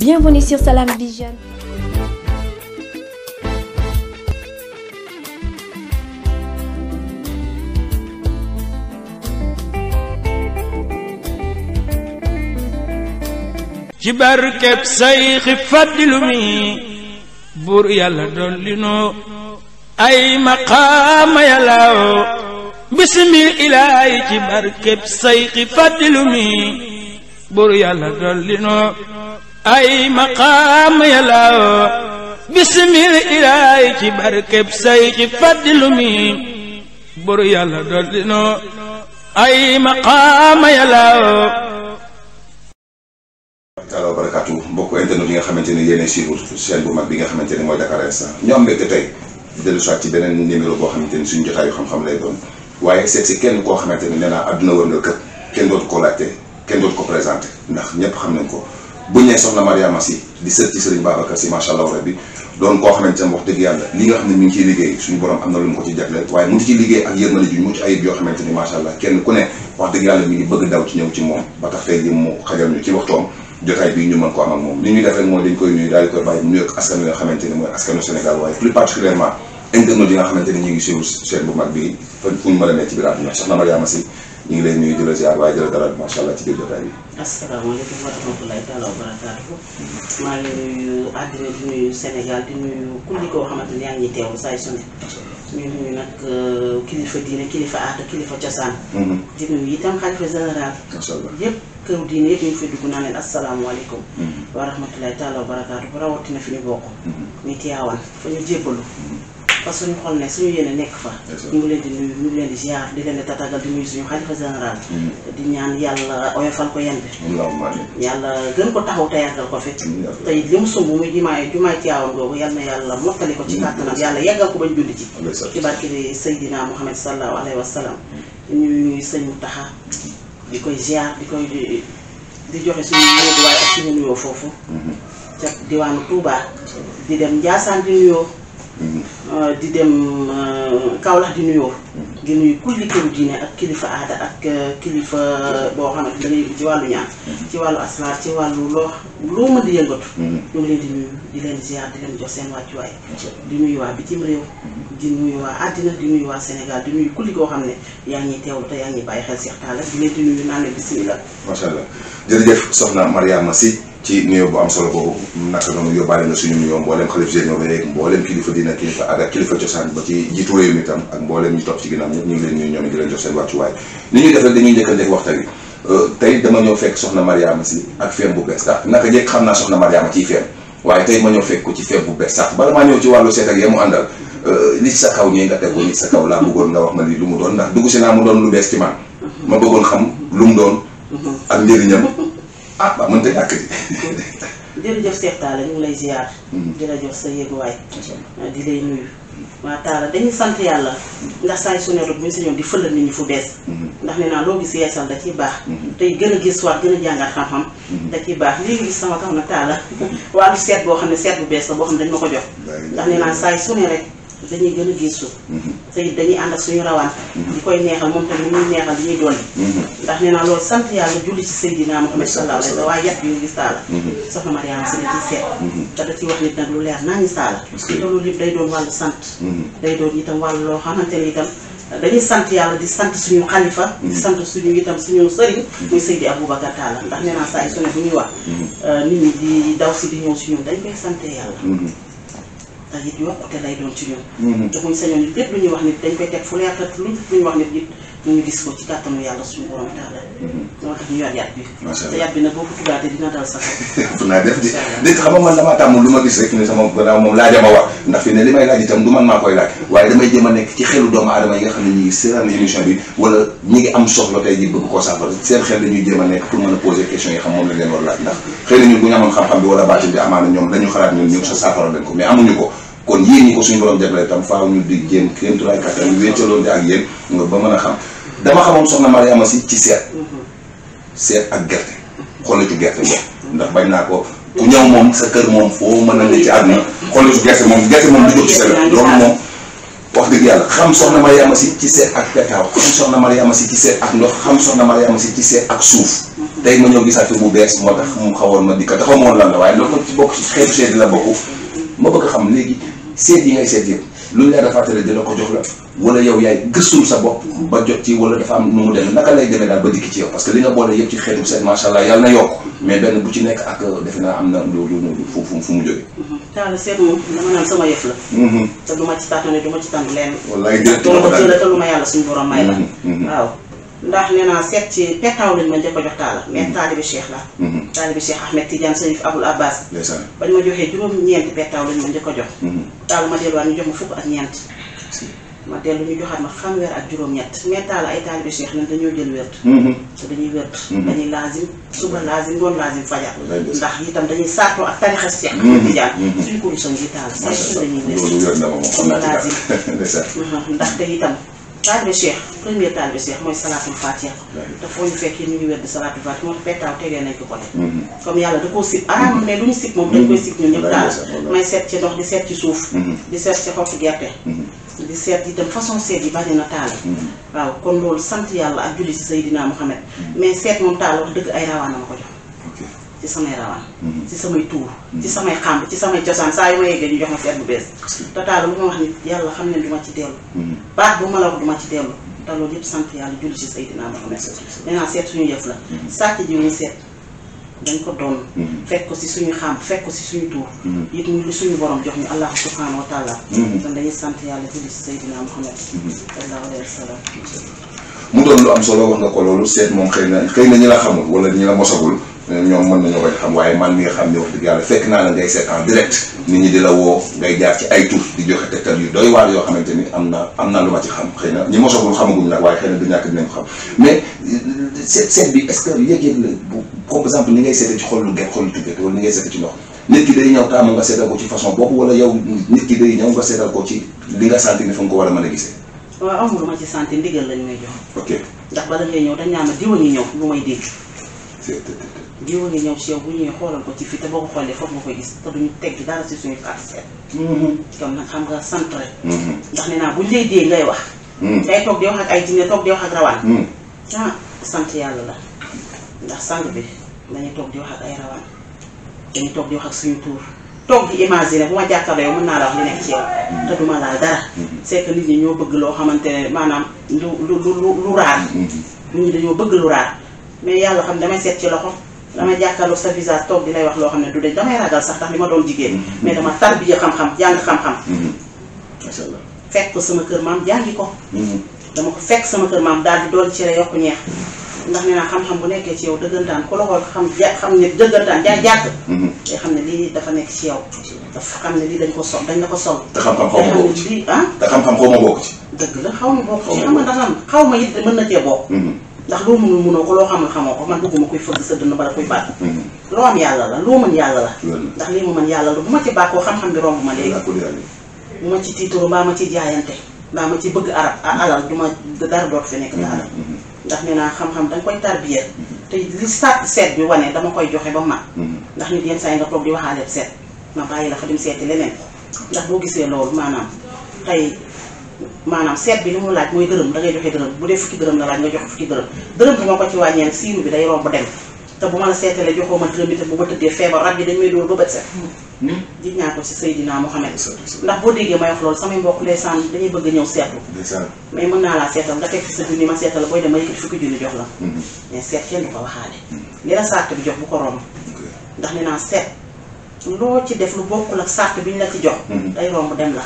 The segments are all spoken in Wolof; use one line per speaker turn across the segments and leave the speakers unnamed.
Bienvenue sur Salam Vision. ci yàlla dolli ay maqaama yàllaaw bisimil ilaahi ci barkeb sayxi faddilu ay maqaam yalaawo bismil ilaay ci barkeb say ci faddilu mi buru yàlla doldinoo ay maqaam yalaawo
taala wa mbokk internet yi nga xamante ne yéenay suivre chaîne bu mag bi nga xamante ne mooy Dakar Instant ñoo am mbégte tey dellu ci beneen numéro boo xamante ne suñu jotaay yu xam-xam lay doon waaye seet si kenn koo xamante ne nee naa àdduna wër nga këpp kenn dootu ko laajte kenn dootu ko présenté ndax ñépp xam nañ ko bu nee soxna Mariama Sy di sët ci Serigne Babacar Sy macha allah rabbi doon koo xamante ne wax dëgg yàlla li nga xam ne ni macha allah kenn ku ne wax dëgg yàlla mi ngi bëgg daw ci ñëw ci moom ba tax tey jii mu xajal ñu mooy dañ koy nga xamante ni mooy Sénégal waaye plus particulièrement internautes yi nga xamante ni ñu ngi suivre chaîne bu mag bii fa fu ñu mën a nekk ci biir àdduna soxna Mariama Sy ñu ngi lay nuyu di la la dalal macha allah ci biir jotaay bi.
asalaamaaleykum wa rahmatulahi barakaatu. maa ngi àddina di nuyu Sénégal kulli koo xamante ne yaa ngi su ne. ñu nuyu nag euh, kilifa diine kilifa aada kilifa cosaan. Mm-hmm. di nuyu itam xalifa général. macha këru diine yëpp ñu ngi dugg naa leen asalaamaaleykum. Mm-hmm. wa rahmatulahi taala barakaatu rawatina fi ñu bokk. ñu mm-hmm. teewaan fa ñu jébbalu. parce que suñu xol ne suñu yéene nekk fa ñu ngi leen di nuyu ñu leen di ziar di leen di nuyu suñu xalifa général mm. di ñaan yàlla oyofal ko yen
bi
yàlla gën ko taxaw yàggal ko fi te it li mu sumb muy jumaay jumaay Tiwaawan googu ko mm. yàggal ko bañ julli ci ci barke Seydina Muhammad sallallahu alayhi wa ñuy mm. nuyu sëñ di koy ziar di koy di joxe suñu nuyoo waaye ak suñu nuyoo foofu mm-hmm. ca diwaanu Touba di dem Njaasaan di nuyoo Euh, di dem euh, Kaolack di nuyoo ngir nuyu kulli këru diine ak kilifa aada ak euh, kilifa boo xamante da ngay ci wàllu ñaan ci wàllu asraar ci wàllu loo loo mën di yëngatu mm-hmm. ñu ngi leen di nuyu di leen ziar di leen jox seen wàccuwaay di nuyu waa bitim réew di nuyu waa àddina di nuyu waa Sénégal di nuyu kulli koo xam ne yaa ngi teewlu te yaa bàyyi xel Cheikh Talla di leen di nuyu naan leen bisimilah
macha allah jërëjëf soxna Mariama Sy ci nuyoo bu am solo boobu naka noonu yóbbaale na suñu nuyoo mboolem xalif généraux yeeg mboolem kilifa diina kilifa aada ak kilifa cosaan ba ci jiitu réew mi tam ak mboolem ñu topp ci ginnaaw si euh, ak bu bees sax xam naa soxna Mariama ciy feem ma ñëw fekk ko ci feem bu bees sax bala maa wàllu seet ak yee mu àndal li euh, sa kaw ñee nga teg ko li sa kaw laa bëggoon nga wax ma li lu mu doon ndax dugg si naa mu doon lu bees ci man ma bëggoon xam lu mu doon ak njëriñam ah waaw mënut a ñàkk ji.
jërëjëf Cheikh Talla ñu ngi lay ziar. Mm-hmm. di la jox sa yéeguwaay. Ah, di lay nuyu. waa Talla dañuy sant yàlla. Mm-hmm. ndax saa su ne rek bu ñu si ñëw di fëlal nit ñi fu bees. Mm-hmm. ndax nee naa loo gis yeesal da ciy baax. tey gën a gis waat gën a jàngat xam-xam. da ciy baax léegi gis sama tax na Talla. waa du seet boo xam ne seet bu bees la boo xam ne dañ ma ko jox. ndax nee naa saa su rek. dañuy gën a diisu te it dañuy ànd ak suñu rawaan mhm. di koy neexal moom tamit mu ñuy neexal di ñuy dolli ndax nee naa loolu sant wa sallam waaye yàq yu si mhm. na mhm. ci seet te naa ñu saala lépp day doon wàllu sant day doon itam wàllu loo xamante ni itam dañuy sant di sant suñu xalifa di sant suñu suñu sëriñ muy Seydi Aboubacar Talla ndax nee saa yi su bu ñuy wax euh, nit ñi di daw si di ñëw si dañ koy sant yàlla ndax it yokkute lay doon ci ñoom. Mm-hmm. te buñ sañoon it wax nit dañ koy teg mm-hmm. sa xol.
naa def di dégg xam nga man damaa tàmm lu ma gis rek ne sama gannaaw moom laajama wax ndax fi li may laaj itam du man maa koy laaj waaye damay jéem a nekk ci xelu doomu aadama yi nga xam ne ñu ngi seetaan bi wala ñi ngi am soxla tey ji bëgg koo saafara seen xel dañuy jéem a nekk pour mën a poser question yi xam moom lañ leen war laaj ndax xëy na bu ñu amoon xam-xam bi wala baatin bi amaana ñoom dañu xalaat ñu sa saafara lañ ko mais amuñu ko kon yéen ñi ko suñu borom jagleel tam faaw ñu di jéem kéemtulaay kattan wéetaloon ak yéen nga ba mën a xam dama xamoon soxna Mariama si ci seet seet ak gerte xool ci gerte moom ndax naa ko ku moom sa kër moom foo mën a ne ci àdduna xool ci gerte moom gerte moom du jóg ci sa loolu moom wax dëgg yàlla xam soxna Mariama si ci seet ak pekkaaw xam soxna Mariama si ci seet ndox xam soxna Mariama si ci ak suuf tey ma ñëw gisaat fi bu bees moo tax mu xawoon ma di dafa moon lan la waaye loolu ko ci bokk ci xeetu seet la bokk ma bëgg xam léegi seet yi ngay seet yëpp lu ñu la defaatale dina ko jox la wala yow yaay gëstul sa bopp ba jot ci wala dafa am nu mu demee naka lay demee daal ba dikk ci yow parce que li nga boole yëpp ci xeetu seet macha allah yàlla na yokk mais benn bu ci nekk ak defe naa am na lu lu fu fu mu jógee.
Mhm. daal seet moom dama naan sama yëf la. Mhm. te du ma ci tànn ne du ma ci tànn lenn. wallaay jërëjëf te lu ma yàlla suñu borom may la mhm. waaw. ndax nee naa seet ci pettaaw lañ ma njëkk a jox taala mm-hmm. mais taalibi cheikh la mm-hmm. taalibi cheikh ahmed tidiane sarif abul abbas bañ ma joxee juróom-ñeenti pettaaw lañ ma njëkk a jox mm-hmm. taal ma delluwaat ñu jox ma fukk ak ñeent ma dellu ñu joxaat ma fanweer ak juróom-ñett mais taala ay taalibi cheikh lañ dañoo jël wér te dañuy wér dañuy laazim suba laazim doon laazim fajar ndax itam dañuy saatoo ak tarixas cheikh ahmed tidiane suñu kuru sangi taal sa dañuy wér suba laazim ndax te itam taalibe Cheikh premier taalibe Cheikh mooy salaatul fatiha te foo ñu fekkee ñu ngi wedd salaatul fatiha moo tax pettaaw tegee nañ ko ko mhm. comme yàlla da koo sib araam mais lu ñu sib moom dañ koy sib ñun ñëpp daal mhm. may seet ci ndox di seet ci suuf mhm. di seet ci xottu gerte di seet itam façon seet yi bari na taal waaw kon loolu sant yàlla ak julli ci Seydina Muhammad mais seet moom taal wax dëgg ay rawaana ko jox ci samay rawaan. Mm-hmm. ci samay tuur. ci mm-hmm. samay xàmb ci samay cosaan saa yu ma yeggee jox ma seet bu bees. total lu ma wax ni yàlla xam ne du ma ci dellu. Mm-hmm. baat bu ma la wax du ma ci dellu. te loolu yëpp sant yàlla julli ci Seydina Muhammad. nee naa la. sàcc ji muy seet ko doon. fekk si suñu xàmb fekk si suñu tuur. suñu borom jox ñu allahu subhanahu wa taala. kon dañuy sant yàlla julli
mu doon lu am solo wax nga ko loolu seet moom xëy na xëy na ñi la xamul wala ñi la mosagul. ñoom mën nañu koy xam waaye xam ne wax dëgg yàlla fekk naa la ngay seet en direct nit ñi di na am na lu ma xam xëy na ñi mosagul xamaguñ nag waaye xëy na du ñàkk dinañ xam mais seet euh, bi est-ce que ni ngay seetee ci xollu gerte xollu tibet wala ni ngay seetee ci ndox nit ki day ñëw te nga seetal ko ci façon boobu wala yow nit ki day ñëw nga seetal ko ci li
nga sentir ne fa nga ko war a man a gisee waaw amul ma ci santé ndigal lañ may jox ok ndax bala ñëw dañ ñaama diwa ngi ñëw lu may dégg jiw nga ñëw si yow bu ñëwee xoolal ko ci fii te boo ko xoolee foofu nga koy gis te duñu tegg dara si suñu parcelle. kon mm-hmm. nag xam nga sant rek. Mm-hmm. ndax nee naa buñ lay dee ngay wax. ngay toog di wax mm-hmm. ak ay jinne toog di wax ak rawaan. ah sant yàlla la ndax sang bi dañuy toog di wax ak ay rawaan dañuy toog di wax ak suñu tuur toog di imaginer bu ma jàkkaarloo yow mën naa la wax li nekk ci yow. te duma laal dara. c'est que nit ñi ñoo bëgg loo xamante ne maanaam lu lu lu lu raar. nit ñi dañoo bëgg lu raar mais yàlla xam damay seet ci loxo. damay jàkkaarloog sa visage toog di lay wax loo xam ne du de damay ragal sax tax li ma doon jigéen mais dama tarbiya xam-xam jàng xam-xam mm-hmm. macha allah fekk ko sama kër maam jàngi ko mm-hmm. dama ko fekk sama kër maam daal di doon cere yokku ñeex mm-hmm. ndax nee naa xam-xam bu nekkee ci yow dëggantaan ku la xam xam ne dëggantaan jaay jàkk day xam ne lii dafa nekk ci yow dafa xam ne lii dañ ko sol dañ la ko sol te xam-xam xaw ma bokk ci ah? te xam-xam xaw ma bokk ci xaw ma bokk ci xam nga ndax lan xaw ma it mën na cee ndax loo mënul mënoo ko loo xamul xamoo ko man bëgguma koy fëgg sa dënn bala koy baat mhm. loo am yàlla la loo mën yàlla la ndax lii ma mën yàlla la bu ma ci bàkkoo xam-xam bi romb ma léegi bu ma ci tiitoo mbaa ma ci jaayante mbaa ma ci bëgg arab alal du ma dara doot fi nekk daara mhm, mhm. ndax nee naa xam-xam danga koy tarbiya te li sàkk seet bi wane dama koy joxe ba mat ndax nit yenn saa yi nga toog di waxaale seet ma bàyyi la fa dem seeti leneen ndax boo gisee loolu maanaam tey maanaam seet bi li mu laaj mooy dërëm da ngay joxe dërëm bu dee fukki dërëm la laaj nga joxe fukki dërëm dërëm bi ma ko ci wàññee nag siiru bi day romb dem te bu ma la seetalee joxoo ma dërëm itam bu ma tëddee feebar rab yi dañ may dóor ba bët set hmm? jiñ naa ko si Seydina Mohamed ndax boo déggee ma wax loolu samay mbokk ndeysaan dañuy bëgg a ñëw seetlu mais mën naa laa seetal nga teg fi sa junni ma seetal booy dem ma yëkkati fukki junni jox la hmm. mais seet ko waxaale hmm. li jox bu ko romb ndax nee naa seet loo ci def lu bokkul ak sàrt bi ñu la ci jox day romb dem la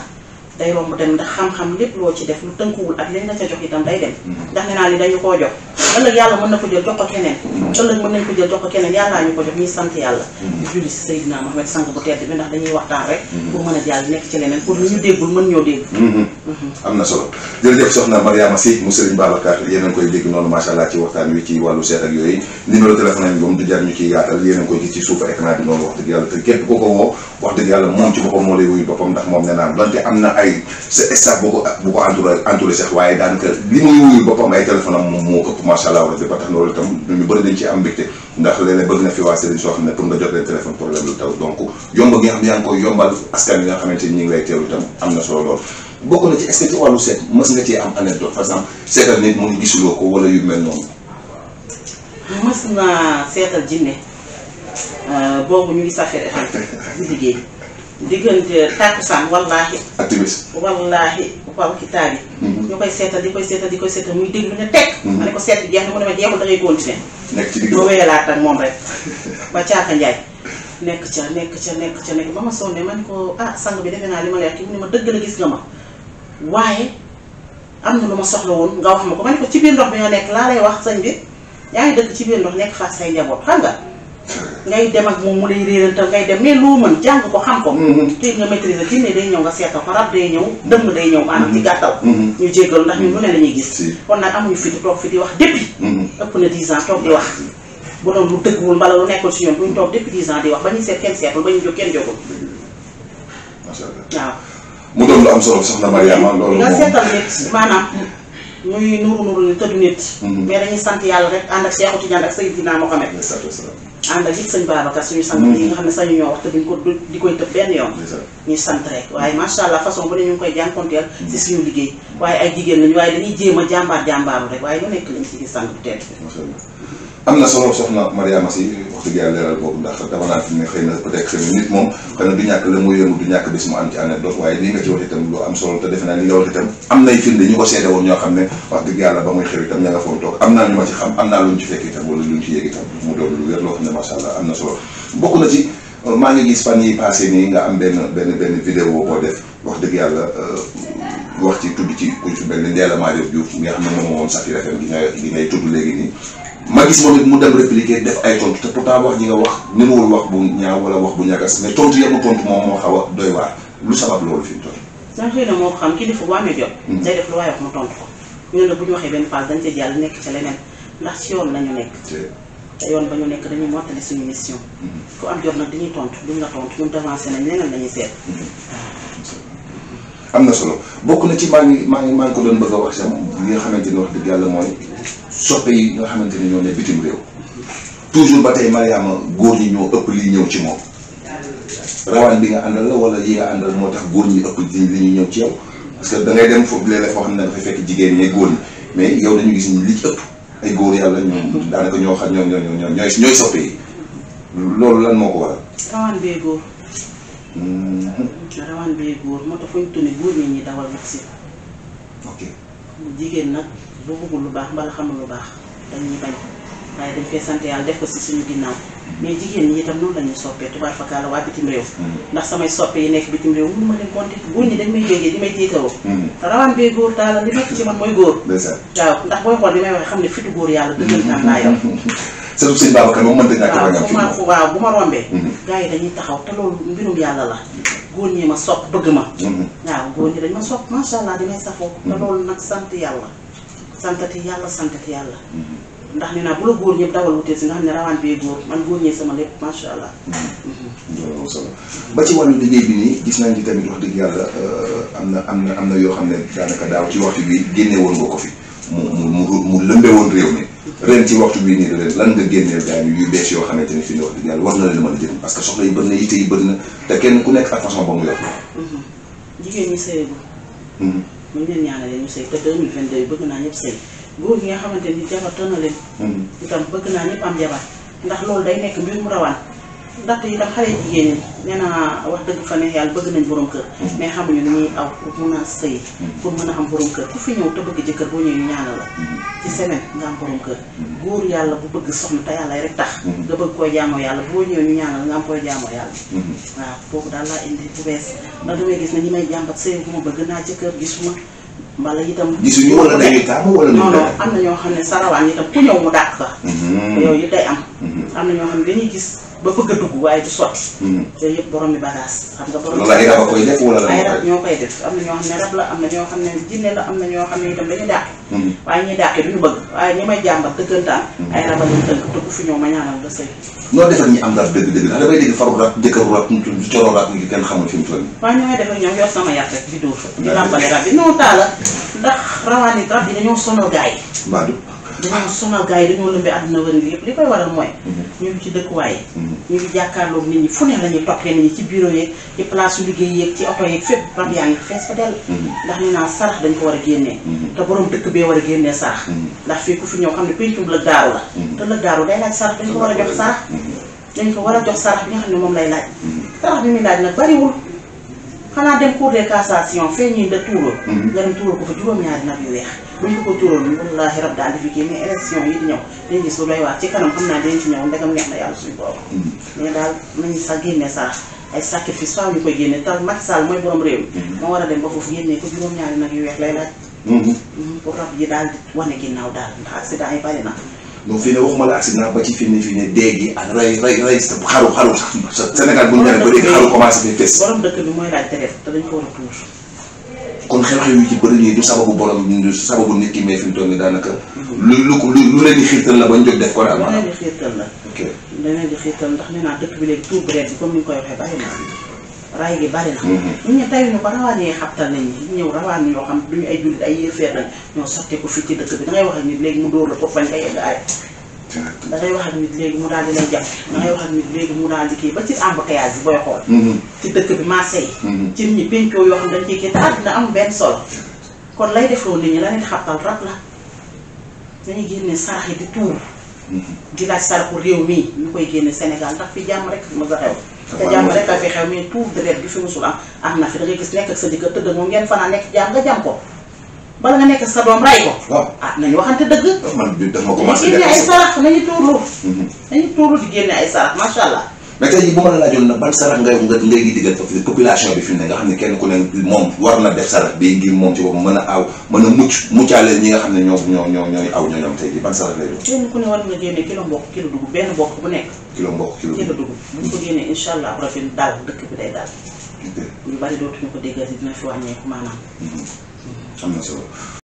day romb dem ndax xam-xam lépp loo ci def lu tënkuwul ak liñ ca jox itam day dem ndax nee naa li dañu koo jox ëllëg yàlla mën na ko jël jox ko keneen mm. ëllëg mën nañ mm. mm. a jàll nekk ci leneen mm-hmm. Mm-hmm. na solo
jërëjëf soxna Mariama Sy mu Serigne Babacar yéen a ngi koy dégg noonu macha a woo wax dëgg yàlla moom ci boppam moo lay wuyu boppam ndax moom nee naa donte am na ay sa staff boo ko boo ko entouré entouré sax waaye daanaka li muy wuyul boppam ay téléphone am moom moo ëpp macha allah rabi ba tax na loolu itam ñu bëri dañ ci am mbégte ndax leen léeg bëgg na fi waa Serigne soo xam ne pour nga jot leen téléphone problème lu taw donc yomb gi ne ñu ngi lay teewlu itam am na solo lool. bokk na ci est-ce que ci wàllu seet mës nga cee am anecdote par exemple seetal nit mu ngi gisuloo ko wala yu mel
noonu.
mës naa seetal jinne euh, boobu ñu ngi safir di liggéey diggante tàkkusaan wallaahi. ak timis wallaahi wal kitaabi. Mhm. ñu koy seetal di koy seetal di koy seetal muy déglu ne teg. Mhm. ma ne ko seet jeex na mu ne ma jeexul da ngay continuer. nekk ci digg wéyalaat ak moom rek. ba Caaka Njaay nekk nekk ca nekk ca nekk ba ma sonnee ma ne ko ah sang bi defe naa li ma lay wax kii ne ma dëgg la gis nga ma waaye am na lu ma soxla woon nga wax ma ko ma ne ko ci biir ndox bi nga nekk laa lay wax sëñ bi yaa ngi dëkk ci biir ndox nekk fa say njaboot xam ngay dem ak moom mu lay réerantal ngay dem mais loo mën jàng ko xam ko. Mhm. téye nga maîtriser ci day ñëw nga seetal ko rab day ñëw dëmm day ñëw maanaam ci mhm. gàttal. Mhm. ñu jéggal ndax ñun lu ne la ñuy gis. kon nag amuñu fi di toog fi di wax depuis. ëpp na 10 ans toog di wax. bu doon lu dëggul mbala lu nekkul si ñoom duñ toog depuis 10 ans di wax ba ñu seet kenn seetul ba ñu jóg kenn jógul. waaw.
mu doon lu am solo soxna Mariama loolu moom
maanaam. muy nuru nuru li tëju nit. Mhm. mais dañuy sant yàlla rek ànd ak Seexu Tijaan ak Seydina Mohamed. ànd ak it sëñ Babacar suñu sant yi mhm. nga xam ne sañu ñoo wax te duñ ko di koy tëb fenn yoon ñu sant rek waaye macha allah façon bu ne ñu ngi koy jànkonteel si mhm. suñu liggéey waaye ay jigéen lañu waaye dañuy jéem a jàmbaar jàmbaaru rek waaye lu nekk lañ si gis sant bu tedd
am na solo soxna Mariama Sy wax dëgg yàlla leeral boobu ndax xëy na peut-être xëy na nit moom xëy la muy yëngu du ñàkk bis mu am ci anecdote waaye lii nga wax solo te naa li nga wax ko seete woon ñoo xam ne wax dëgg yàlla ba muy xew itam ña nga foon toog am naa ma ci xam am naa lu ñu ci fekk itam ñu ci maa ngi gis fan yi passé nii nga am benn benn benn vidéo boo def wax dëgg yàlla euh, wax ci tudd ci ku mel ni Ndella Madior Diouf mi nga xam ne moom woon Safir gi ngay gi ngay tudd léegi nii ma gis moom it mu dem répliquer def ay tontu te pourtant wax ji nga wax ni mu wax bu ñaaw wala wax bu ñagas mais tontu tontu moom moo xaw a doy waar lu sabab loolu fi mu toll.
ndax xëy na moo xam mm. wax mu tontu ko ñu nekk ca leneen ndax ci yoon la ñu nekk. te yoon ba ñu nekk dañuy mottali suñu mission. fu mm. am jot nag dañuy tontu duñ la tontu ñun avancé nañ leneen la seet. Mm.
am na solo bokk na ci maa ngi maa ngi maa ngi ko doon bëgg a wax sama li nga xamante ni wax dëgg yàlla mooy soppe yi nga xamante ni ñoo ne bitim réew toujours ba tey Mariama góor ñi ñoo ëpp li ñëw ci moom rawaan bi nga àndal la wala yi nga àndal moo tax góor ñi ëpp li ñëw ci yow parce que da dem foofu léeg-léeg foo xam ne dafay fekk jigéen ñi góor ñi mais yow dañu gis ñu li ëpp ay góor yàlla ñoom daanaka ñoo xam ñoo ñoo ñooy ñooy soppe yi loolu lan moo ko waral.
rawaan bee góor.
Mm-hmm.
rawaan góor moo tax fu ñu góor ñi ñuy dawal wut si. ok jigéen nag. boo bëggul lu baax mbala xamul lu baax dañuy bañ waaye dañ koy sant yàlla def ko si suñu ginnaaw mais jigéen ñi itam loolu la ñuy soppee tubaab fakkaala waa bitim réew mm. ndax samay soppe yi nekk bitim réew mënu ma leen compté góor ñi dañ may jógee di may tiitaroo mm. te rawaan bee góor taala li nekk ci man mooy góor waaw ndax booy xool li may waxee xam ne fitu góor yàlla dëggantaan laa yor
sëñ Sëñ Babacar moom mënta
waaw bu ma rombee mm-hmm. gars dañuy taxaw te loolu mbirum yàlla la góor ñi ma sopp bëgg ma mm-hmm. waaw góor ñi dañ ma sopp macha di may safoo te mm-hmm. loolu nag sant yàlla santati yàlla santati yàlla ndax nee naa bu la góor ñëpp dawal wutee si nga xam ne rawaan bee góor man góor ñee sama lépp macha allah.
Mm-hmm.
Mm-hmm. Mm-hmm. ba ci wàllu liggéey bi nii gis nañ ci tamit wax dëgg yàlla euh, am na am na am na yoo xam ne daanaka daaw ci waxtu bi génne woon ko fi mu mu mu mu woon réew mi ren ci waxtu bii nii ren lan nga génneel daañu yu bees yoo xamante ne fi ne wax dëgg yàlla war na leen mën a jëriñ parce que soxla yi bëri na yitte yi bëri ku nekk ak
mu ngi leen ñaanalee ñu sëy te 2022 bëgg naa ñëpp sëy góor gi nga xamante ni jabar tën na leen. Hmm. itam bëgg naa ñëpp am jabar ndax loolu day nekk mbir mu rawaan. ndaxte itam xale jigéen ñi nee naa wax dëgg fa ne yàlla bëgg nañ borom kër. Mm. mais xamuñu ni ñuy aw mun a sëyi. Mm. pour mën a am borom kër ku fi ñëw te bëgg jëkkër boo ñu ñaanal la. Mm. ci semaine nga am góor yàlla bu bëgg soxna te yàlla tax. nga bëgg koo jaamoo yàlla boo ñëwee ñu ñaanal am koo jaamoo yàlla. waaw boobu daal laa indi bu bees ndax damay gis na ñi may jàmbat sëy bu ma bëgg naa jëkkër gisuma. mbala itam. gisuñu wala dañuy taamu wala non non am na ñoo xam ne sarawaan itam ku ñëw mu dàq ka mm-hmm. yooyu it day am. Mm-hmm. am na ñoo xam ne dañuy gis ba bëgg a dugg waaye du mm-hmm. xam nga borom mi bagage loolu ñoo koy def am na ñoo xam ne rab la am na ñoo xam ne jinne la am na ñoo xam ne itam dañuy dàq. waaye ñuy dàq duñu bëgg waaye ñi may jàmbat dëggantaan. ay rab a leen tënk te ñëw ma ñaanal nga sëy
noo def ak ñi am daal dëgg-dëgg ndax damay dégg faru raak jëkkëru raak mu tudd coro raak ngi kenn xamul fi mu toll
ni may def ak ñoom rawaani rab bi dañoo sonal gars yi. dañoo sonal gars yi dañoo lëmbee àdduna wërël yëpp li koy waral mooy. Mhm. ñu ngi ci dëkkuwaay yi. Mhm. ñu ngi jàkkaarloog nit ñi fu ne la ñuy toppee nit ñi ci bureau yeeg ci place su liggéey yeeg ci oto yeeg fépp rab yaa ngi fees fa dell. Mhm. ndax ñu naan sarax dañ ko war a génnee. te borom dëkk bee war a génnee sarax. ndax fii ku fi ñëw xam ne pencum la daaru la. te la daaru day laaj sarax dañ ko war a jox sarax. dañ ko war a jox sarax bi nga xam ne moom lay laaj. sarax bi muy laaj nag xanaa dem cour de cassation fee ñuy da tuuroon. Mm-hmm. nga dem tuuroon ko fa juróom-ñaari nag yu weex. buñ ko ko tuuroon wallaahi rab daal di fi génne élection yi di ñëw dañ gis lu doy waar ci kanam xam naa dinañ ci ñëw ndegam neex na yàlla suñu borom. Mm-hmm. mais daal nañu sax génne sax ay mooy borom réew mi. Mm-hmm. moo war a dem ba foofu génne ko juróom-ñaari nag yu weex lay laaj. pour rab yi daal di wane ginnaaw daal ndax accident yi bari na.
donc fii ne waxuma la accident ba ci fii ne fii ne dee gi ak rey rey rey sa xaru xaru sax Sénégal bu ñu demee ba léegi xaru commencé fees.
borom dëkk bi mooy laaj te def te dañ ko war a tuur.
kon xew-xew yu ci bëri nii du sababu borom du sababu nit ki mais fi mu toll nii daanaka. Mhm. lu lu lu leen di xiirtal la ba ko daal maanaam. lu leen
di xiirtal la. ok. lu leen di xiirtal ndax nee naa dëkk bi léegi tuur bi comme ni ñu koy waxee bàyyi naa ray gi bari na. ñun mm-hmm. ñu tey ñu ko rawaan yee xabtal nañ ñëw rawaan yoo xam ñu ay jullit ay feer lañ ñoo sotti fii ci dëkk bi da ngay wax ak nit léegi mu ko bañ nga yegg ay.
Mm-hmm.
da ngay wax ak nit léegi daal di lay jàpp. wax ak nit léegi mu daal di kii ba ci embouteillage bi booy xool. Mm-hmm. ci dëkk bi marché yi. ci ñi pencoo yoo xam dañ ciy kii te àdduna amul benn solo. kon lay defoo nit ñi la nit xabtal rab la dañuy génne sarax yi di tuur. di saraxu réew mii ñu koy génne senegal ndax fi jàmm rek ma sa
te jàmm rek a
fi xew mais tuuf deret bi fi musul am am na fi da ngay gis nekk ak sa jëkkër tëdd moom ngeen fanaan nekk jàmm nga jàmm ko bala nga nekk sa doom ray ko. waaw ah nañu waxante dëgg. man bi dafa commencé ay sarax nañu tuuru. Mhm. nañu tuuru di génne ay sarax macha allah. mais tey jii bu ma la
laajoon na ban sarax ngay nga ngay ngi digal population bi fi ne nga xam ne kenn ku ne moom war na def sarax bi ngir moom ci boppam a aw mën a mucc ñi nga xam ne ñoo ñoo ñoo ñooy aw ñooñoom tey jii ban sarax lay
doon. kenn ku ne war nga génne kilo mboq kilo dugub benn mboq bu nekk. kilo mboq kilo dugub bu ñu ko génnee incha
allah rabi daal dëkk bi day daal. ñu bari dootuñu ko déggati dina fi wàññeeku maanaam. Mm-hmm.